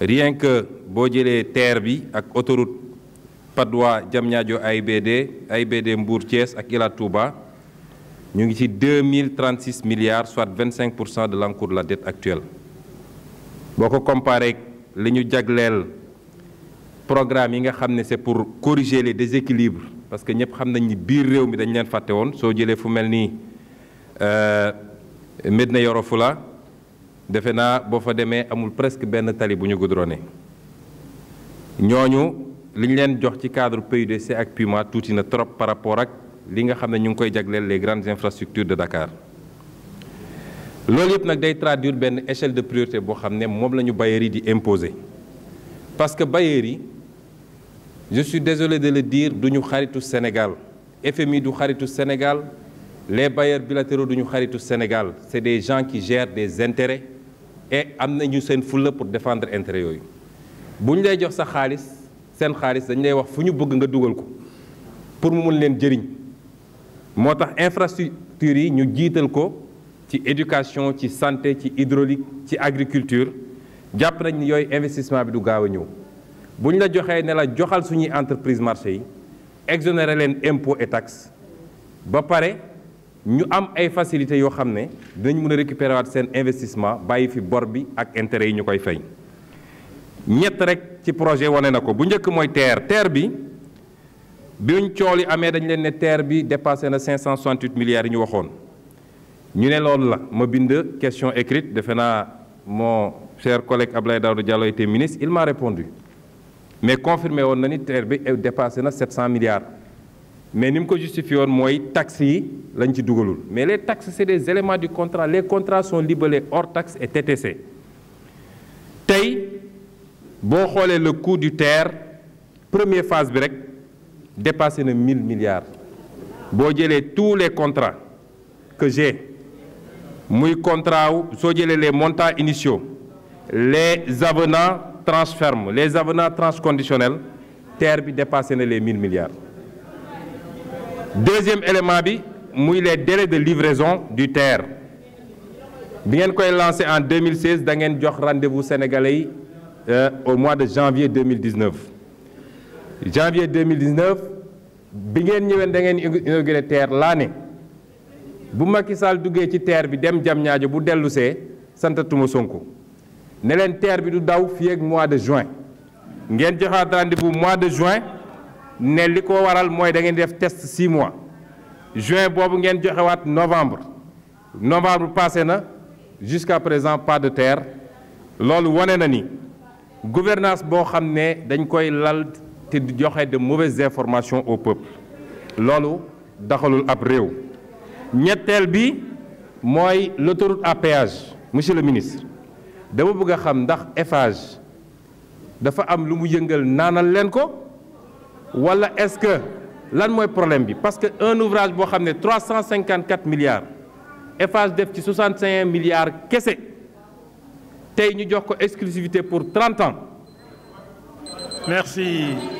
rien que boo jëlee teer bi ak autoroute Patte d'Oie Diamniadio AIBD AIBD Mbour Thiès ak Ila Touba ñu ngi ci 2036 milliards soit 25 pour cent de l'encours la dette actuelle boo ko comparé li ñu jagleel programme yi nga xam ne c'est pour corriger les déséquilibres parce que ñëpp xam nañ ni biir réew mi dañ leen fàtte woon soo jëlee fu mel nii euh, Médina Yoro Foulah defe naa boo fa demee amul presque benn tali bu ñu goudronné ñooñu li ñu leen jox ci cadre PUDC ak PUMA tuuti na trop par rapport ak li nga xam ne ñu ngi koy jagleel les grandes infrastructures de Dakar loolu yëpp nag day traduire benn échelle de priorité boo xam ne moom la ñu bailleurs yi di imposer parce que bailleurs yi je suis désolé de le dire du ñu xaritu Sénégal FMI du xaritu Sénégal les bailleurs bilatéraux du ñu xaritu Sénégal c'est des gens qui gèrent des intérêts et am nañu seen fulla pour défendre intérêt yooyu bu ñu lay jox sa xaalis seen xaalis dañu lay wax fu ñu bëgg nga dugal ko pour mu mun leen jëriñ moo tax infrastructure yi ñu jiital ko ci éducation ci santé ci hydraulique ci agriculture jàpp nañ ni yooyu investissement bi du gaaw a ñëw bu ñu la joxee ne la joxal suñuy entreprise marché yi exonéré leen impôt et tax ba pare ñu am ay facilités yoo xam ne dinañ mun a récupérer seen investissement bàyyi fi bor bi ak intérêt yi ñu koy fay ñett rek ci projet wane na ko bu njëkk mooy TER TER bi biñ cool yi amee dañ leen ne TER bi dépassé na 568 milliards yi ñu waxoon ñu ne loolu la ma bind question écrite defe naa mon cher collègue Abdoulaye Daouda Diallo était ministre il m'a répondu mais confirmé woon na ni TER bi dépassé na 700 milliards mais ni mu ko justifié woon mooy taxes yi lañ ci dugalul mais les taxes c'est des éléments du contrat les contrats sont libellés hors taxes et TTC tey boo xoolee le coût du TER première phase bi rek dépassé na mille milliards boo jëlee tous les contrats que j'ai muy contrat wu soo jëlee les montants initiaux les avenants transfermes les avenants transconditionnels TER bi dépassé na les mille milliards deuxième élément bi muy les délais de livraison du TER bi ngeen koy lancé en 2016 da ngeen jox rendez-vous sénégalais yi euh, au mois de janvier 2019 janvier 2019 bi ngeen ñëwee da ngeen inauguré TER laa ne bu Macky Sall duggee ci TER bi dem jam ñaajo bu dellusee santatuma Sonko ne leen TER bi du daw fii ak mois de juin ngeen joxaat rendez-vous mois de juin ne li ko waral mooy da ngeen def test six mois juin boobu ngeen joxewaat novembre novembre passé na jusqu'à présent pas de terre loolu wane na ni gouvernance boo xam ne dañ koy lal te di joxe de mauvaises information au peuple loolu daxalul ab réew ñetteel bi mooy l'autoroute à péage monsieur le ministre dama bëgg a xam ndax Eiffage dafa am lu mu yëngal naanal leen ko wala est-ce que lan mooy problème bi parce que un ouvrage boo xam ne 354 milliards Eiffage def ci 65 milliards kese tey ñu jox ko exclusivité pour 30 ans. merci.